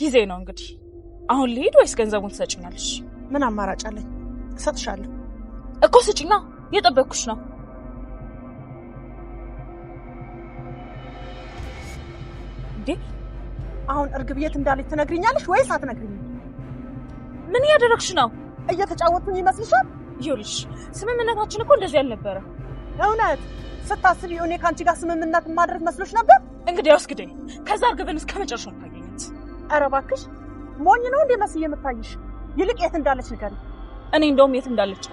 ጊዜ ነው እንግዲህ። አሁን ልሄድ ወይስ ገንዘቡን ትሰጭኛለሽ? ምን አማራጭ አለኝ? እሰጥሻለሁ እኮ። ስጭና፣ እየጠበቅኩሽ ነው። እንዴ አሁን እርግብ የት እንዳለች ትነግሪኛለሽ ወይስ አትነግሪኝም? ምን እያደረግሽ ነው? እየተጫወቱኝ ይመስልሻል? ይኸውልሽ ስምምነታችን እኮ እንደዚህ አልነበረ። እውነት ስታስቢ እኔ ከአንቺ ጋር ስምምነት ማድረግ መስሎች ነበር? እንግዲህ ያው እስግደኝ። ከዛ እርግብን እስከ መጨረሻው ታየ ኧረ እባክሽ ሞኝ ነው እንዴ መስዬ የምታይሽ? ይልቅ የት እንዳለች ንገሪ። እኔ እንደውም የት እንዳለች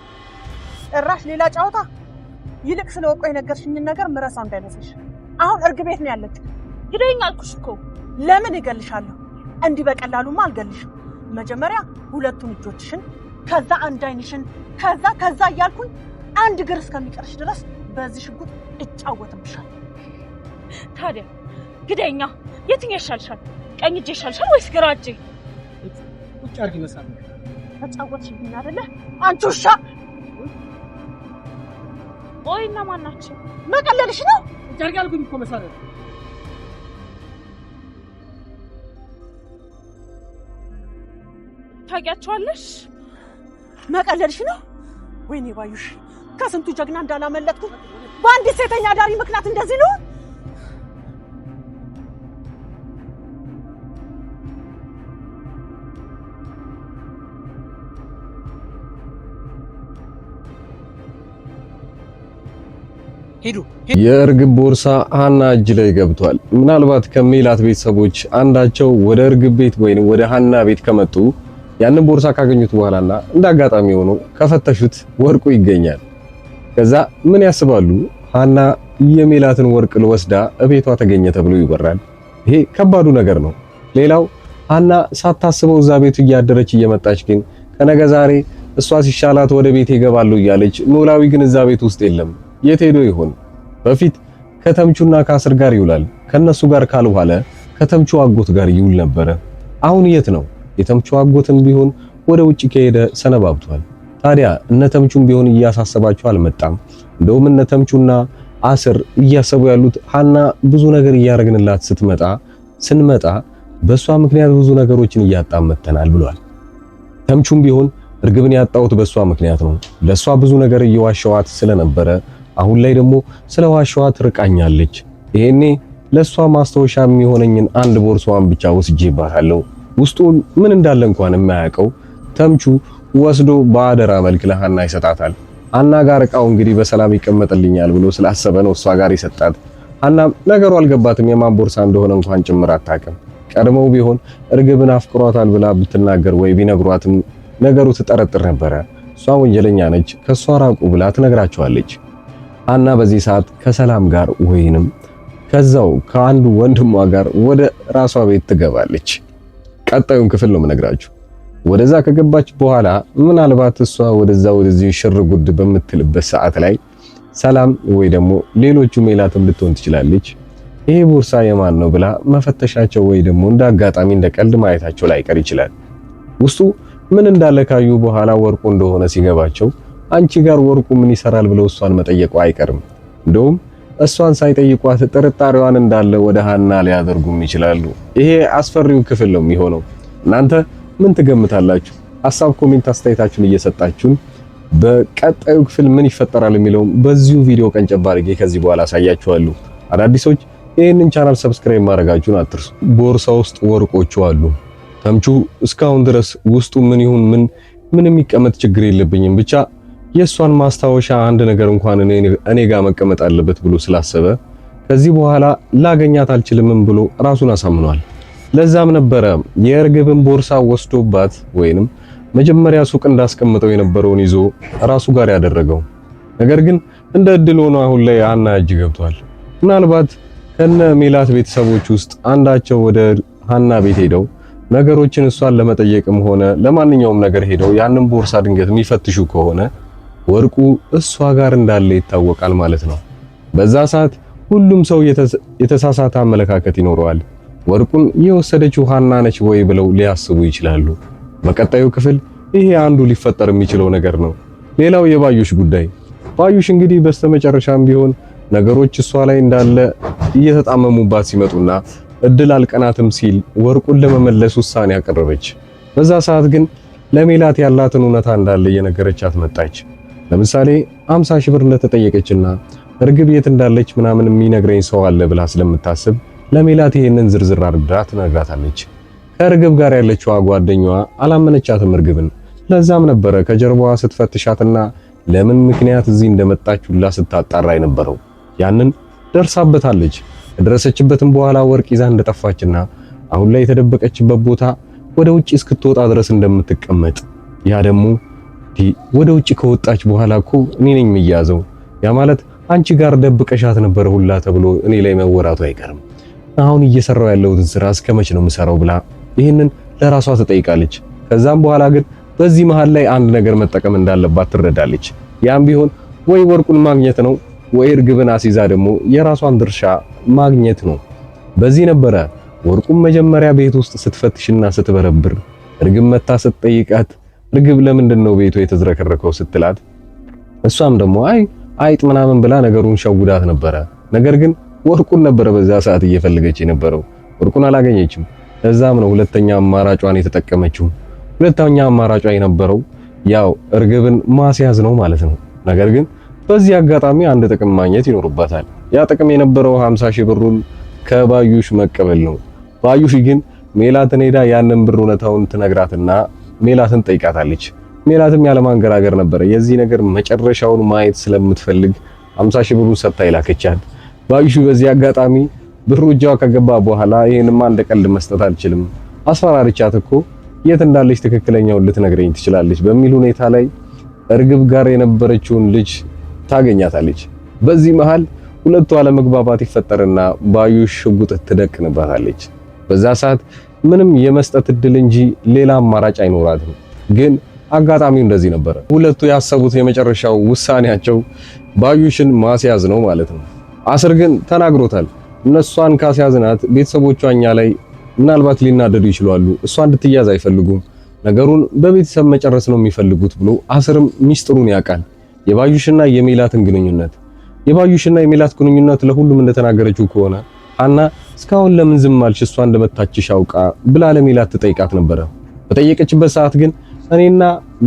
ጭራሽ ሌላ ጨዋታ። ይልቅ ስለ ወቆ የነገርሽኝን ነገር ምረሳ እንዳይመስልሽ። አሁን እርግ ቤት ነው ያለች። ግደኝ አልኩሽ እኮ። ለምን እገልሻለሁ? እንዲህ በቀላሉማ አልገልሽም። መጀመሪያ ሁለቱን እጆችሽን፣ ከዛ አንድ አይንሽን፣ ከዛ ከዛ እያልኩኝ አንድ እግር እስከሚቀርሽ ድረስ በዚህ ሽጉጥ እጫወትብሻል። ታዲያ ግደኛ የትኛው ይሻልሻል? ቀኝ እጄ ይሻልሻል ወይስ ግራ እጄ? ቁጭ አድርጊ መሳም ተጫወትሽብኝ አይደለ አንቺ ውሻ። ቆይ እና ማን ናቸው? መቀለልሽ ነው። ቁጭ አድርጊ አልኩኝ እኮ መሳሪያ ታውቂያቸዋለሽ? መቀለልሽ ነው። ወይኔ ባዩሽ፣ ከስንቱ ጀግና እንዳላመለጥኩ በአንዲት ሴተኛ ዳሪ ምክንያት እንደዚህ ነው። የእርግብ ቦርሳ ሀና እጅ ላይ ገብቷል። ምናልባት ከሜላት ቤተሰቦች አንዳቸው ወደ እርግብ ቤት ወይም ወደ ሀና ቤት ከመጡ ያንን ቦርሳ ካገኙት በኋላና እንደ አጋጣሚ ሆኖ ከፈተሹት ወርቁ ይገኛል። ከዛ ምን ያስባሉ? ሀና የሜላትን ወርቅ ልወስዳ እቤቷ ተገኘ ተብሎ ይወራል። ይሄ ከባዱ ነገር ነው። ሌላው ሀና ሳታስበው እዛ ቤቱ እያደረች እየመጣች ግን ከነገ ዛሬ እሷ ሲሻላት ወደ ቤት ይገባሉ እያለች ኖላዊ ግን እዛ ቤት ውስጥ የለም። የት ሄዶ ይሆን? በፊት ከተምቹና ከአስር ጋር ይውላል። ከነሱ ጋር በኋላ ከተምቹ አጎት ጋር ይውል ነበረ። አሁን የት ነው? የተምቹ አጎትም ቢሆን ወደ ውጭ ከሄደ ሰነባብቷል። ታዲያ እነተምቹም ቢሆን እያሳሰባቸው አልመጣም። እንደውም እነተምቹና አስር እያሰቡ ያሉት ሀና ብዙ ነገር እያደረግንላት ስትመጣ ስንመጣ በሷ ምክንያት ብዙ ነገሮችን እያጣመተናል ብሏል። ተምቹም ቢሆን እርግብን ያጣሁት በሷ ምክንያት ነው። ለሷ ብዙ ነገር እየዋሸዋት ስለነበረ አሁን ላይ ደግሞ ስለ ዋሸዋ ትርቃኛለች። ይሄኔ ለእሷ ማስታወሻ የሚሆነኝን አንድ ቦርሳዋን ብቻ ወስጄባታለሁ። ውስጡ ምን እንዳለ እንኳን የማያውቀው ተምቹ ወስዶ በአደራ መልክ ለሃና ይሰጣታል። አና ጋር እቃው እንግዲህ በሰላም ይቀመጥልኛል ብሎ ስላሰበ ነው እሷ ጋር ይሰጣት። አናም ነገሩ አልገባትም። የማን ቦርሳ እንደሆነ እንኳን ጭምር አታውቅም። ቀድሞው ቢሆን እርግብን አፍቅሯታል ብላ ብትናገር ወይ ቢነግሯትም ነገሩ ትጠረጥር ነበረ። እሷ ወንጀለኛ ነች፣ ከእሷ ራቁ ብላ ትነግራቸዋለች። ሀና በዚህ ሰዓት ከሰላም ጋር ወይንም ከዛው ከአንዱ ወንድሟ ጋር ወደ ራሷ ቤት ትገባለች። ቀጣዩን ክፍል ነው የምነግራችሁ። ወደዛ ከገባች በኋላ ምናልባት እሷ ወደዛ ወደዚህ ሽር ጉድ በምትልበት ሰዓት ላይ ሰላም ወይ ደግሞ ሌሎቹ ሜላትም ልትሆን ትችላለች። ይሄ ቦርሳ የማን ነው ብላ መፈተሻቸው ወይ ደግሞ እንደ አጋጣሚ እንደ ቀልድ ማየታቸው ላይቀር ይችላል። ውስጡ ምን እንዳለ ካዩ በኋላ ወርቁ እንደሆነ ሲገባቸው አንቺ ጋር ወርቁ ምን ይሰራል ብለው እሷን መጠየቁ አይቀርም። እንደውም እሷን ሳይጠይቋት ጥርጣሬዋን እንዳለ ወደ ሃና ሊያደርጉም ይችላሉ። ይሄ አስፈሪው ክፍል ነው የሚሆነው። እናንተ ምን ትገምታላችሁ? ሀሳብ፣ ኮሜንት፣ አስተያየታችሁን እየሰጣችሁን በቀጣዩ ክፍል ምን ይፈጠራል የሚለውም በዚሁ ቪዲዮ ቀን ጨባርጌ ከዚህ በኋላ አሳያችኋለሁ። አዳዲሶች ይህንን ቻናል ሰብስክራይብ ማድረጋችሁን አትርሱ። ቦርሳ ውስጥ ወርቆቹ አሉ። ተምቹ እስካሁን ድረስ ውስጡ ምን ይሁን ምን ምንም የሚቀመጥ ችግር የለብኝም ብቻ የእሷን ማስታወሻ አንድ ነገር እንኳን እኔ ጋር መቀመጥ አለበት ብሎ ስላሰበ ከዚህ በኋላ ላገኛት አልችልምም ብሎ ራሱን አሳምኗል። ለዛም ነበረ የእርግብን ቦርሳ ወስዶባት ወይንም መጀመሪያ ሱቅ እንዳስቀምጠው የነበረውን ይዞ ራሱ ጋር ያደረገው። ነገር ግን እንደ እድል ሆኖ አሁን ላይ ሀና እጅ ገብቷል። ምናልባት ከነ ሜላት ቤተሰቦች ውስጥ አንዳቸው ወደ ሀና ቤት ሄደው ነገሮችን እሷን ለመጠየቅም ሆነ ለማንኛውም ነገር ሄደው ያንን ቦርሳ ድንገት የሚፈትሹ ከሆነ ወርቁ እሷ ጋር እንዳለ ይታወቃል ማለት ነው። በዛ ሰዓት ሁሉም ሰው የተሳሳተ አመለካከት ይኖረዋል። ወርቁን የወሰደችው ሃና ነች ወይ ብለው ሊያስቡ ይችላሉ። በቀጣዩ ክፍል ይሄ አንዱ ሊፈጠር የሚችለው ነገር ነው። ሌላው የባዩሽ ጉዳይ። ባዩሽ እንግዲህ በስተመጨረሻም ቢሆን ነገሮች እሷ ላይ እንዳለ እየተጣመሙባት ሲመጡና እድል አልቀናትም ሲል ወርቁን ለመመለስ ውሳኔ አቀረበች። በዛ ሰዓት ግን ለሜላት ያላትን እውነታ እንዳለ እየነገረች መጣች። ለምሳሌ 50 ሺህ ብር እንደተጠየቀችና እርግብ የት እንዳለች ምናምን የሚነግረኝ ሰው አለ ብላ ስለምታስብ ለሜላት ይሄንን ዝርዝር አድርጋ ትነግራታለች። ከእርግብ ጋር ያለችዋ ጓደኛዋ አላመነቻትም እርግብን። ለዛም ነበረ ከጀርባዋ ስትፈትሻትና ለምን ምክንያት እዚህ እንደመጣችሁላ ስታጣራ የነበረው። ያንን ደርሳበታለች። ከደረሰችበትም በኋላ ወርቅ ይዛ እንደጠፋችና አሁን ላይ የተደበቀችበት ቦታ ወደ ውጪ እስክትወጣ ድረስ እንደምትቀመጥ ያ ደግሞ ወደ ውጭ ከወጣች በኋላ እኮ እኔ ነኝ የሚያዘው። ያ ማለት አንቺ ጋር ደብቀሻት ነበረ ሁላ ተብሎ እኔ ላይ መወራቱ አይቀርም። አሁን እየሰራው ያለውን ስራ እስከ መቼ ነው የምሰራው ብላ ይህንን ለራሷ ትጠይቃለች። ከዛም በኋላ ግን በዚህ መሃል ላይ አንድ ነገር መጠቀም እንዳለባት ትረዳለች። ያም ቢሆን ወይ ወርቁን ማግኘት ነው ወይ እርግብን አስይዛ ደግሞ የራሷን ድርሻ ማግኘት ነው። በዚህ ነበረ ወርቁን መጀመሪያ ቤት ውስጥ ስትፈትሽና ስትበረብር እርግብ መታ ስትጠይቃት እርግብ ለምንድን ነው ቤቱ የተዝረከረከው ስትላት እሷም ደግሞ አይ አይጥ ምናምን ብላ ነገሩን ሸውዳት ነበረ። ነገር ግን ወርቁን ነበረ በዛ ሰዓት እየፈለገች የነበረው ወርቁን አላገኘችም። ለዛም ነው ሁለተኛ አማራጯን የተጠቀመችው። ሁለተኛ አማራጯ የነበረው ያው እርግብን ማስያዝ ነው ማለት ነው። ነገር ግን በዚህ አጋጣሚ አንድ ጥቅም ማግኘት ይኖርባታል። ያ ጥቅም የነበረው 50 ሺህ ብሩን ከባዩሽ መቀበል ነው። ባዩሽ ግን ሜላትን ሄዳ ያንን ብር እውነታውን ትነግራትና ሜላትን ጠይቃታለች። ሜላትም ያለማንገራገር ነበረ የዚህ ነገር መጨረሻውን ማየት ስለምትፈልግ 50 ሺህ ብሩን ሰጥታ ይላከቻል። ባዩሽ በዚህ አጋጣሚ ብሩ እጇ ከገባ በኋላ ይሄንማ እንደ ቀልድ መስጠት አልችልም፣ አስፈራርቻት እኮ የት እንዳለች ትክክለኛውን ልትነግረኝ ትችላለች በሚል ሁኔታ ላይ እርግብ ጋር የነበረችውን ልጅ ታገኛታለች። በዚህ መሃል ሁለቱ አለመግባባት ይፈጠርና ባዩሽ ሽጉጥ ትደቅንባታለች። በዛ ሰዓት ምንም የመስጠት እድል እንጂ ሌላ አማራጭ አይኖራትም። ግን አጋጣሚው እንደዚህ ነበረ። ሁለቱ ያሰቡት የመጨረሻው ውሳኔያቸው ባዩሽን ማስያዝ ነው ማለት ነው። አስር ግን ተናግሮታል። እነሷን ካስያዝናት ቤተሰቦቿ እኛ ላይ ምናልባት ሊናደዱ ይችላሉ። እሷ እንድትያዝ አይፈልጉም። ነገሩን በቤተሰብ መጨረስ ነው የሚፈልጉት ብሎ አስርም ሚስጥሩን ያውቃል። የባዩሽና የሜላትን ግንኙነት የባዩሽና የሜላት ግንኙነት ለሁሉም እንደተናገረችው ከሆነ አና እስካሁን ለምን ዝም አልሽ? እሷ እንደመታችሽ አውቃ ብላ ለሚላት ትጠይቃት ነበረ። በጠየቀችበት ሰዓት ግን እኔና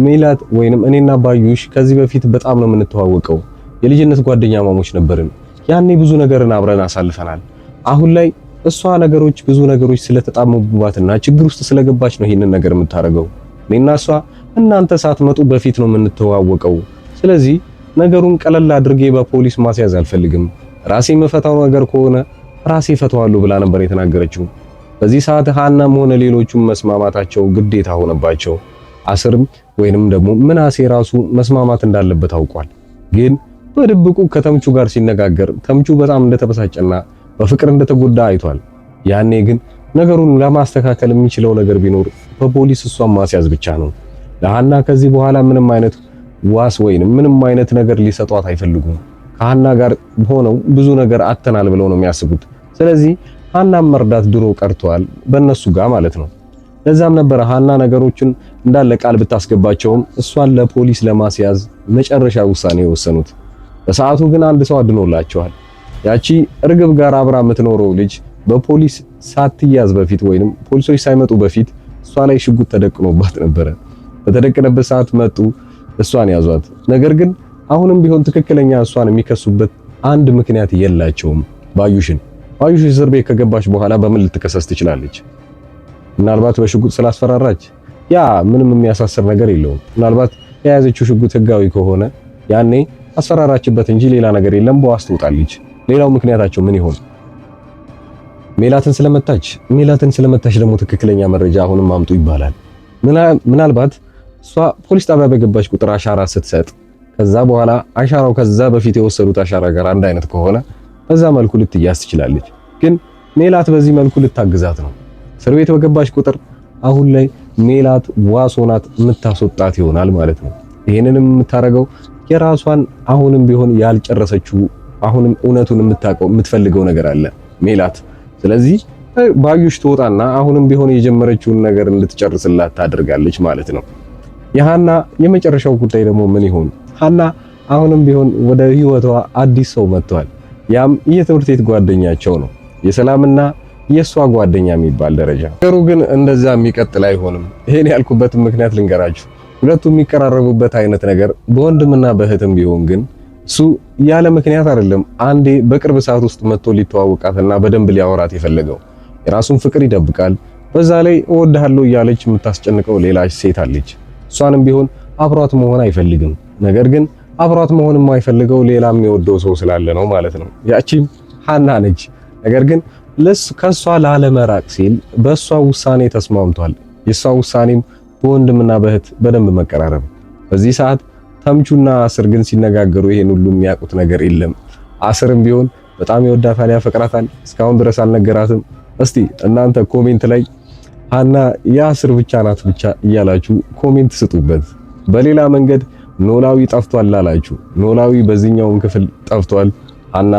ሚላት ወይንም እኔና ባዩሽ ከዚህ በፊት በጣም ነው የምንተዋወቀው፣ የልጅነት ጓደኛ ማሞች ነበርን። ያኔ ብዙ ነገርን አብረን አሳልፈናል። አሁን ላይ እሷ ነገሮች ብዙ ነገሮች ስለተጣመቡባትና ችግር ውስጥ ስለገባች ነው ይህንን ነገር የምታደርገው። እኔና እሷ እናንተ ሳትመጡ በፊት ነው የምንተዋወቀው። ስለዚህ ነገሩን ቀለል አድርጌ በፖሊስ ማስያዝ አልፈልግም። ራሴ የምፈታው ነገር ከሆነ ራሴ ፈተዋለሁ ብላ ነበር የተናገረችው። በዚህ ሰዓት ሃናም ሆነ ሌሎቹም መስማማታቸው ግዴታ ሆነባቸው። አስርም ወይንም ደግሞ ምናሴ ራሱ መስማማት እንዳለበት አውቋል። ግን በድብቁ ከተምቹ ጋር ሲነጋገር ተምቹ በጣም እንደተበሳጨና በፍቅር እንደተጎዳ አይቷል። ያኔ ግን ነገሩን ለማስተካከል የሚችለው ነገር ቢኖር በፖሊስ እሷን ማስያዝ ብቻ ነው። ለሃና ከዚህ በኋላ ምንም አይነት ዋስ ወይንም ምንም አይነት ነገር ሊሰጧት አይፈልጉም። ከሃና ጋር ሆነው ብዙ ነገር አተናል ብለው ነው የሚያስቡት። ስለዚህ ሀናን መርዳት ድሮ ቀርቷል በእነሱ ጋር ማለት ነው። ለዛም ነበረ ሀና ነገሮችን እንዳለ ቃል ብታስገባቸውም እሷን ለፖሊስ ለማስያዝ መጨረሻ ውሳኔ የወሰኑት። በሰዓቱ ግን አንድ ሰው አድኖላቸዋል። ያቺ እርግብ ጋር አብራ የምትኖረው ልጅ በፖሊስ ሳትያዝ በፊት ወይንም ፖሊሶች ሳይመጡ በፊት እሷ ላይ ሽጉጥ ተደቅኖባት ነበረ። በተደቀነበት ሰዓት መጡ፣ እሷን ያዟት። ነገር ግን አሁንም ቢሆን ትክክለኛ እሷን የሚከሱበት አንድ ምክንያት የላቸውም ባዩሽን አዩሽ እስር ቤት ከገባች በኋላ በምን ልትከሰስ ትችላለች? ምናልባት በሽጉጥ ስላስፈራራች። ያ ምንም የሚያሳስር ነገር የለውም። ምናልባት የያዘችው ሽጉጥ ህጋዊ ከሆነ ያኔ አስፈራራችበት እንጂ ሌላ ነገር የለም፣ በዋስ ትወጣለች። ሌላው ምክንያታቸው ምን ይሆን? ሜላትን ስለመታች ሜላትን ስለመታች ደግሞ ትክክለኛ መረጃ አሁንም አምጡ ይባላል። ምናልባት እሷ ፖሊስ ጣቢያ በገባች ቁጥር አሻራ ስትሰጥ ከዛ በኋላ አሻራው ከዛ በፊት የወሰዱት አሻራ ጋር አንድ አይነት ከሆነ በዛ መልኩ ልትያዝ ትችላለች። ግን ሜላት በዚህ መልኩ ልታግዛት ነው። እስር ቤት በገባች ቁጥር አሁን ላይ ሜላት ዋሶናት ሆናት የምታስወጣት ይሆናል ማለት ነው። ይህንንም የምታደርገው የራሷን አሁንም ቢሆን ያልጨረሰችው አሁንም እውነቱን የምታውቀው የምትፈልገው ነገር አለ ሜላት። ስለዚህ ባዩሽ ትወጣና አሁንም ቢሆን የጀመረችውን ነገር እንድትጨርስላት ታደርጋለች ማለት ነው። የሃና የመጨረሻው ጉዳይ ደግሞ ምን ይሆን? ሃና አሁንም ቢሆን ወደ ህይወቷ አዲስ ሰው መጥቷል። ያም የትምህርት ቤት ጓደኛቸው ነው። የሰላምና የእሷ ጓደኛ የሚባል ደረጃ። ነገሩ ግን እንደዛ የሚቀጥል አይሆንም። ይሄን ያልኩበትም ምክንያት ልንገራችሁ። ሁለቱ የሚቀራረቡበት አይነት ነገር በወንድምና በእህትም ቢሆን ግን እሱ ያለ ምክንያት አይደለም። አንዴ በቅርብ ሰዓት ውስጥ መጥቶ ሊተዋወቃትና በደንብ ሊያወራት የፈለገው የራሱን ፍቅር ይደብቃል። በዛ ላይ እወድሃለሁ እያለች የምታስጨንቀው ሌላ ሴት አለች። እሷንም ቢሆን አብሯት መሆን አይፈልግም። ነገር ግን አብሯት መሆን የማይፈልገው ሌላ የሚወደው ሰው ስላለ ነው ማለት ነው። ያቺም ሀና ነች። ነገር ግን ለስ ከሷ ላለመራቅ ሲል በሷ ውሳኔ ተስማምቷል። የሷ ውሳኔም በወንድምና በእህት በደንብ መቀራረብ። በዚህ ሰዓት ተምቹና አስር ግን ሲነጋገሩ ይሄን ሁሉ የሚያውቁት ነገር የለም። አስርም ቢሆን በጣም ይወዳታል፣ ያፈቅራታል። እስካሁን ድረስ አልነገራትም። እስቲ እናንተ ኮሜንት ላይ ሀና የአስር ብቻ ናት ብቻ እያላችሁ ኮሜንት ስጡበት። በሌላ መንገድ ኖላዊ ጠፍቷል አላችሁ። ኖላዊ በዚህኛውም ክፍል ጠፍቷል። አና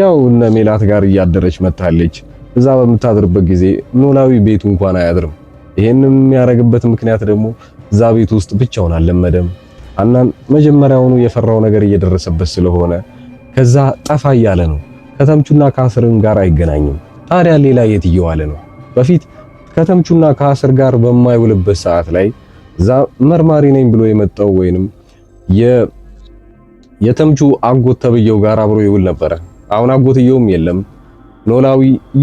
ያው እነ ሜላት ጋር እያደረች መታለች። እዛ በምታድርበት ጊዜ ኖላዊ ቤቱ እንኳን አያድርም። ይሄንን የሚያደርግበት ምክንያት ደግሞ እዛ ቤት ውስጥ ብቻውን አልለመደም። አናን መጀመሪያውኑ የፈራው ነገር እየደረሰበት ስለሆነ ከዛ ጠፋ እያለ ነው። ከተምቹና ከአስርም ጋር አይገናኝም። ታዲያ ሌላ የት እየዋለ ነው? በፊት ከተምቹና ከአስር ጋር በማይውልበት ሰዓት ላይ እዛ መርማሪ ነኝ ብሎ የመጣው ወይንም የተምቹ አጎት ተብየው ጋር አብሮ ይውል ነበረ። አሁን አጎትየውም የለም። ኖላዊ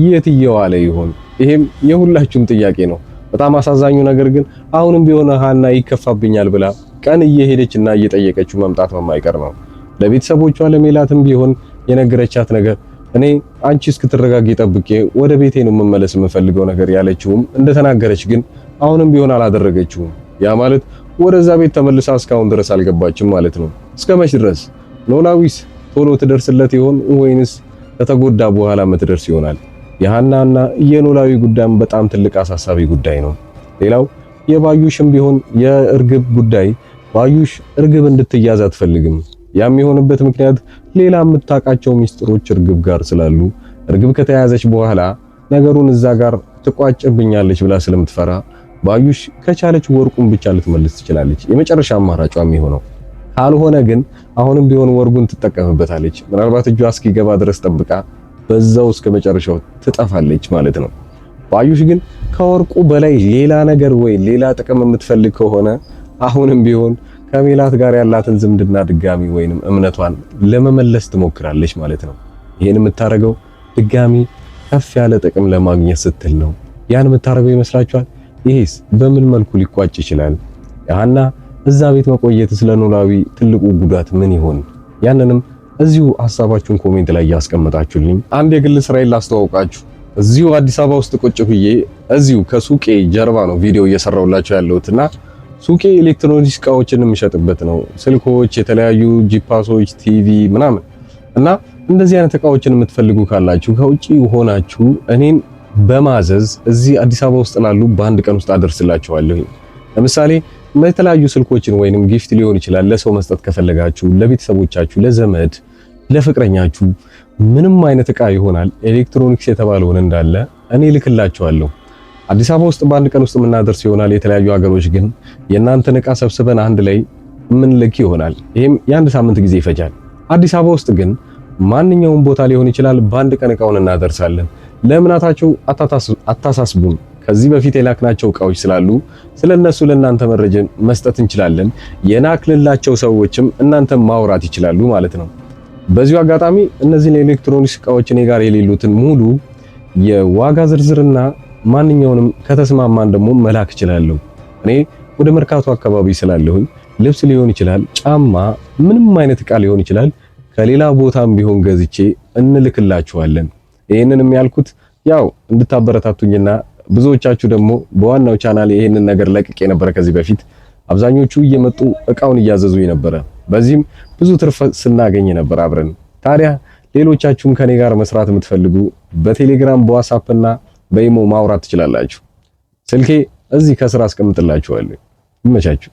የትየው አለ ይሆን? ይሄም የሁላችሁም ጥያቄ ነው። በጣም አሳዛኙ ነገር ግን አሁንም ቢሆን ሃና ይከፋብኛል ብላ ቀን እየሄደች እና እየጠየቀችው መምጣት የማይቀር ነው። ለቤተሰቦቿ ለሜላትም ቢሆን የነገረቻት ነገር እኔ አንቺ እስክትረጋጊ ጠብቄ ወደ ቤቴ ነው የምመለስ የምፈልገው ነገር ያለችውም እንደተናገረች ግን አሁንም ቢሆን አላደረገችውም። ያ ማለት ወደዛ ቤት ተመልሳ እስካሁን ድረስ አልገባችም ማለት ነው። እስከ መች ድረስ ኖላዊስ ቶሎ ትደርስለት ይሆን ወይንስ ከተጎዳ በኋላ መትደርስ ይሆናል? የሃናና የኖላዊ ጉዳይም በጣም ትልቅ አሳሳቢ ጉዳይ ነው። ሌላው የባዩሽም ቢሆን የእርግብ ጉዳይ ባዩሽ እርግብ እንድትያዝ አትፈልግም። ያም የሆነበት ምክንያት ሌላ የምታውቃቸው ሚስጥሮች እርግብ ጋር ስላሉ እርግብ ከተያዘች በኋላ ነገሩን እዛ ጋር ትቋጭብኛለች ብላ ስለምትፈራ ባዩሽ ከቻለች ወርቁን ብቻ ልትመልስ ትችላለች፣ የመጨረሻ አማራጯ የሚሆነው። ካልሆነ ግን አሁንም ቢሆን ወርቁን ትጠቀምበታለች። ምናልባት እጇ እስኪገባ ድረስ ጠብቃ በዛው እስከ መጨረሻው ትጠፋለች ማለት ነው። ባዩሽ ግን ከወርቁ በላይ ሌላ ነገር ወይ ሌላ ጥቅም የምትፈልግ ከሆነ አሁንም ቢሆን ከሜላት ጋር ያላትን ዝምድና ድጋሚ ወይንም እምነቷን ለመመለስ ትሞክራለች ማለት ነው። ይህን የምታደርገው ድጋሚ ከፍ ያለ ጥቅም ለማግኘት ስትል ነው። ያን የምታደርገው ይመስላችኋል? ይሄስ በምን መልኩ ሊቋጭ ይችላል? ሀና እዛ ቤት ስለ ለኖላዊ ትልቁ ጉዳት ምን ይሆን? ያንንም እዚሁ ሐሳባችሁን ኮሜንት ላይ ያስቀመጣችሁልኝ። አንድ የግል ስራዬን ላስተዋውቃችሁ። እዚሁ አዲስ አበባ ውስጥ ቁጭ ብዬ እዚሁ ከሱቄ ጀርባ ነው ቪዲዮ እየሰራሁላችሁ ያለሁትና ሱቄ ኤሌክትሮኒክስ እቃዎችን የምሸጥበት ነው። ስልኮች፣ የተለያዩ ጂፓሶች፣ ቲቪ ምናምን እና እንደዚህ አይነት እቃዎችን የምትፈልጉ ካላችሁ ከውጪ ሆናችሁ እኔን በማዘዝ እዚህ አዲስ አበባ ውስጥ ላሉ በአንድ ቀን ውስጥ አደርስላችኋለሁ። ለምሳሌ የተለያዩ ስልኮችን ወይንም ጊፍት ሊሆን ይችላል ለሰው መስጠት ከፈለጋችሁ ለቤተሰቦቻችሁ፣ ለዘመድ፣ ለፍቅረኛችሁ ምንም አይነት እቃ ይሆናል ኤሌክትሮኒክስ የተባለውን እንዳለ እኔ ልክላችኋለሁ። አዲስ አበባ ውስጥ በአንድ ቀን ውስጥ የምናደርስ ይሆናል። የተለያዩ ሀገሮች ግን የእናንተን እቃ ሰብስበን አንድ ላይ የምንልክ ይሆናል። ይህም የአንድ ሳምንት ጊዜ ይፈጃል። አዲስ አበባ ውስጥ ግን ማንኛውም ቦታ ሊሆን ይችላል በአንድ ቀን እቃውን እናደርሳለን። ለእምናታችሁ አታሳስቡን። ከዚህ በፊት የላክናቸው እቃዎች ስላሉ ስለ እነሱ ለእናንተ መረጃ መስጠት እንችላለን። የናክልላቸው ሰዎችም እናንተ ማውራት ይችላሉ ማለት ነው። በዚሁ አጋጣሚ እነዚህን የኤሌክትሮኒክስ እቃዎች እኔ ጋር የሌሉትን ሙሉ የዋጋ ዝርዝርና ማንኛውንም ከተስማማን ደግሞ መላክ እችላለሁ። እኔ ወደ መርካቶ አካባቢ ስላለሁኝ ልብስ ሊሆን ይችላል፣ ጫማ፣ ምንም አይነት እቃ ሊሆን ይችላል። ከሌላ ቦታም ቢሆን ገዝቼ እንልክላችኋለን። ይህንንም ያልኩት ያው እንድታበረታቱኝና ብዙዎቻችሁ ደግሞ በዋናው ቻናል ይህንን ነገር ለቅቄ ነበረ ከዚህ በፊት አብዛኞቹ እየመጡ እቃውን እያዘዙኝ ነበረ። በዚህም ብዙ ትርፍ ስናገኝ ነበር አብረን። ታዲያ ሌሎቻችሁም ከኔ ጋር መስራት የምትፈልጉ በቴሌግራም በዋትስአፕና በኢሞ ማውራት ትችላላችሁ። ስልኬ እዚህ ከስራ አስቀምጥላችኋለሁ። ይመቻችሁ።